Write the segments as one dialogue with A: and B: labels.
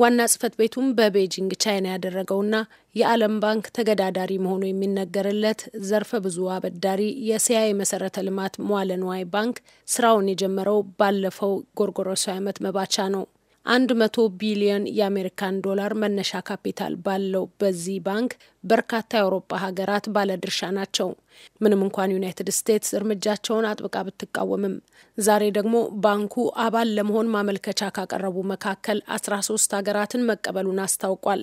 A: ዋና ጽህፈት ቤቱም በቤጂንግ ቻይና ያደረገውና የዓለም ባንክ ተገዳዳሪ መሆኑ የሚነገርለት ዘርፈ ብዙ አበዳሪ የሲያይ መሰረተ ልማት መዋለ ባንክ ስራውን የጀመረው ባለፈው ጎርጎሮሳዊ ዓመት መባቻ ነው። አንድ መቶ ቢሊዮን የአሜሪካን ዶላር መነሻ ካፒታል ባለው በዚህ ባንክ በርካታ የአውሮፓ ሀገራት ባለድርሻ ናቸው። ምንም እንኳን ዩናይትድ ስቴትስ እርምጃቸውን አጥብቃ ብትቃወምም፣ ዛሬ ደግሞ ባንኩ አባል ለመሆን ማመልከቻ ካቀረቡ መካከል አስራ ሶስት ሀገራትን መቀበሉን አስታውቋል።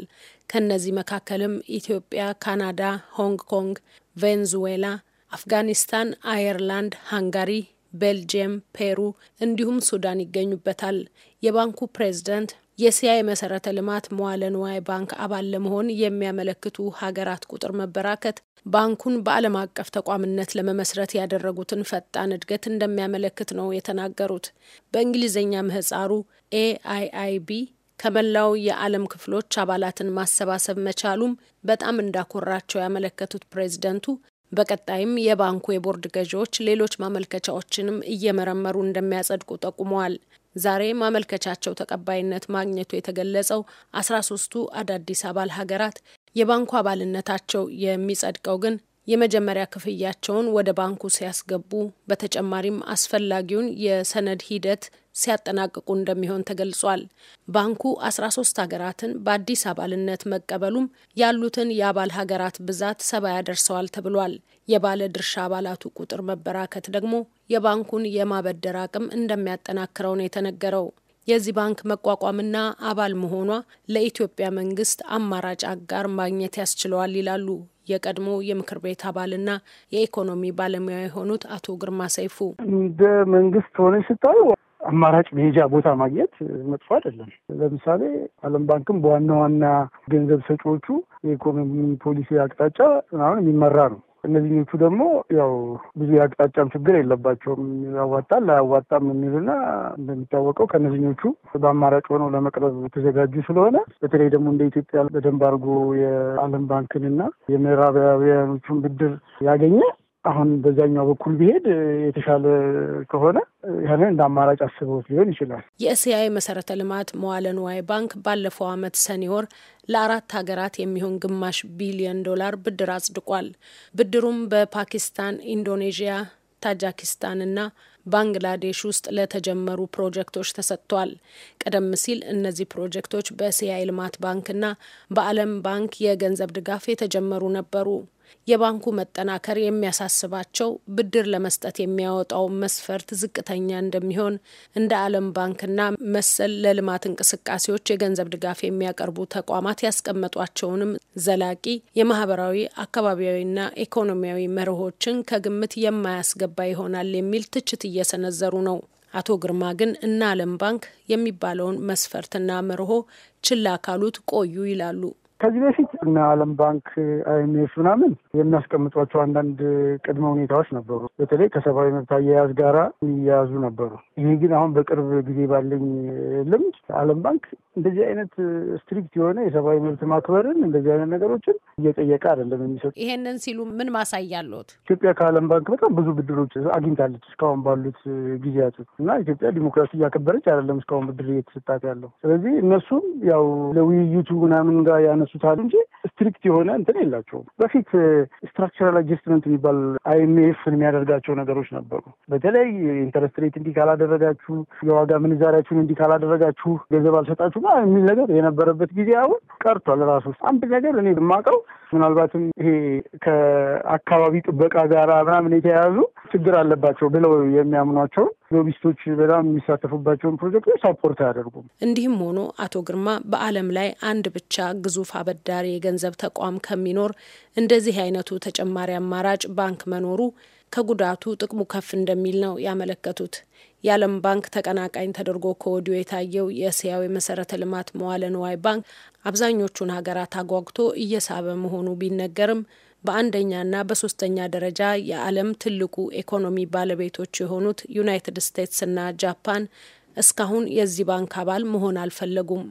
A: ከእነዚህ መካከልም ኢትዮጵያ፣ ካናዳ፣ ሆንግ ኮንግ፣ ቬንዙዌላ፣ አፍጋኒስታን፣ አየርላንድ፣ ሃንጋሪ ቤልጅየም፣ ፔሩ እንዲሁም ሱዳን ይገኙበታል። የባንኩ ፕሬዝደንት የሲያ የመሰረተ ልማት መዋለ ንዋይ ባንክ አባል ለመሆን የሚያመለክቱ ሀገራት ቁጥር መበራከት ባንኩን በዓለም አቀፍ ተቋምነት ለመመስረት ያደረጉትን ፈጣን እድገት እንደሚያመለክት ነው የተናገሩት። በእንግሊዝኛ ምህጻሩ ኤአይአይቢ ከመላው የዓለም ክፍሎች አባላትን ማሰባሰብ መቻሉም በጣም እንዳኮራቸው ያመለከቱት ፕሬዝደንቱ በቀጣይም የባንኩ የቦርድ ገዢዎች ሌሎች ማመልከቻዎችንም እየመረመሩ እንደሚያጸድቁ ጠቁመዋል። ዛሬ ማመልከቻቸው ተቀባይነት ማግኘቱ የተገለጸው አስራ ሶስቱ አዳዲስ አባል ሀገራት የባንኩ አባልነታቸው የሚጸድቀው ግን የመጀመሪያ ክፍያቸውን ወደ ባንኩ ሲያስገቡ በተጨማሪም አስፈላጊውን የሰነድ ሂደት ሲያጠናቅቁ እንደሚሆን ተገልጿል። ባንኩ 13 ሀገራትን በአዲስ አባልነት መቀበሉም ያሉትን የአባል ሀገራት ብዛት ሰባ ያደርሰዋል ተብሏል። የባለ ድርሻ አባላቱ ቁጥር መበራከት ደግሞ የባንኩን የማበደር አቅም እንደሚያጠናክረው ነው የተነገረው። የዚህ ባንክ መቋቋምና አባል መሆኗ ለኢትዮጵያ መንግስት አማራጭ አጋር ማግኘት ያስችለዋል ይላሉ የቀድሞ የምክር ቤት አባልና የኢኮኖሚ ባለሙያ የሆኑት አቶ ግርማ ሰይፉ
B: እንደ መንግስት ሆነ ስታዩ አማራጭ መሄጃ ቦታ ማግኘት መጥፎ አይደለም። ለምሳሌ ዓለም ባንክም በዋና ዋና ገንዘብ ሰጪዎቹ የኢኮኖሚ ፖሊሲ አቅጣጫ ምናምን የሚመራ ነው። እነዚህኞቹ ደግሞ ያው ብዙ የአቅጣጫም ችግር የለባቸውም። ያዋጣል አያዋጣም የሚልና እንደሚታወቀው ከእነዚህኞቹ በአማራጭ ሆነው ለመቅረብ የተዘጋጁ ስለሆነ በተለይ ደግሞ እንደ ኢትዮጵያ በደንብ አድርጎ የዓለም ባንክንና የምዕራባውያኖቹን ብድር ያገኘ አሁን በዛኛው በኩል ቢሄድ የተሻለ ከሆነ ያንን እንደ አማራጭ አስበውት ሊሆን ይችላል።
A: የእስያዊ መሰረተ ልማት መዋለ ንዋይ ባንክ ባለፈው ዓመት ሰኔ ወር ለአራት ሀገራት የሚሆን ግማሽ ቢሊዮን ዶላር ብድር አጽድቋል። ብድሩም በፓኪስታን፣ ኢንዶኔዥያ፣ ታጃኪስታን እና ባንግላዴሽ ውስጥ ለተጀመሩ ፕሮጀክቶች ተሰጥቷል። ቀደም ሲል እነዚህ ፕሮጀክቶች በእስያ ልማት ባንክና በዓለም ባንክ የገንዘብ ድጋፍ የተጀመሩ ነበሩ። የባንኩ መጠናከር የሚያሳስባቸው ብድር ለመስጠት የሚያወጣው መስፈርት ዝቅተኛ እንደሚሆን እንደ ዓለም ባንክና መሰል ለልማት እንቅስቃሴዎች የገንዘብ ድጋፍ የሚያቀርቡ ተቋማት ያስቀመጧቸውንም ዘላቂ የማህበራዊ አካባቢያዊና ኢኮኖሚያዊ መርሆችን ከግምት የማያስገባ ይሆናል የሚል ትችት እየሰነዘሩ ነው። አቶ ግርማ ግን እነ ዓለም ባንክ የሚባለውን መስፈርትና መርሆ ችላ ካሉት ቆዩ ይላሉ።
B: ከዚህ በፊት እነ ዓለም ባንክ አይምኤፍ ምናምን የሚያስቀምጧቸው አንዳንድ ቅድመ ሁኔታዎች ነበሩ። በተለይ ከሰብአዊ መብት አያያዝ ጋር የሚያያዙ ነበሩ። ይህ ግን አሁን በቅርብ ጊዜ ባለኝ ልምድ ዓለም ባንክ እንደዚህ አይነት ስትሪክት የሆነ የሰብአዊ መብት ማክበርን እንደዚህ አይነት ነገሮችን እየጠየቀ አይደለም የሚሰጡ።
A: ይሄንን ሲሉ ምን ማሳያ አለት?
B: ኢትዮጵያ ከዓለም ባንክ በጣም ብዙ ብድሮች አግኝታለች እስካሁን ባሉት ጊዜያት እና ኢትዮጵያ ዲሞክራሲ እያከበረች አይደለም እስካሁን ብድር እየተሰጣት ያለው። ስለዚህ እነሱም ያው ለውይይቱ ምናምን ጋር ያነ ያነሱታል እንጂ ስትሪክት የሆነ እንትን የላቸውም። በፊት ስትራክቸራል አጀስትመንት የሚባል አይኤምኤፍን የሚያደርጋቸው ነገሮች ነበሩ። በተለይ ኢንተረስት ሬት እንዲህ ካላደረጋችሁ፣ የዋጋ ምንዛሪያችሁን እንዲህ ካላደረጋችሁ ገንዘብ አልሰጣችሁ የሚል ነገር የነበረበት ጊዜ አሁን ቀርቷል። ራሱ ውስጥ አንድ ነገር እኔ የማውቀው ምናልባትም ይሄ ከአካባቢ ጥበቃ ጋር ምናምን የተያያዙ ችግር አለባቸው ብለው የሚያምኗቸውን ሎቢስቶች በጣም የሚሳተፉባቸውን ፕሮጀክቶች ሳፖርት አያደርጉም።
A: እንዲህም ሆኖ አቶ ግርማ በዓለም ላይ አንድ ብቻ ግዙፍ አበዳሪ የገንዘብ ተቋም ከሚኖር እንደዚህ አይነቱ ተጨማሪ አማራጭ ባንክ መኖሩ ከጉዳቱ ጥቅሙ ከፍ እንደሚል ነው ያመለከቱት። የዓለም ባንክ ተቀናቃኝ ተደርጎ ከወዲሁ የታየው የእስያው የመሰረተ ልማት መዋለ ንዋይ ባንክ አብዛኞቹን ሀገራት አጓግቶ እየሳበ መሆኑ ቢነገርም በአንደኛና በሶስተኛ ደረጃ የዓለም ትልቁ ኢኮኖሚ ባለቤቶች የሆኑት ዩናይትድ ስቴትስና ጃፓን እስካሁን የዚህ ባንክ አባል መሆን አልፈለጉም።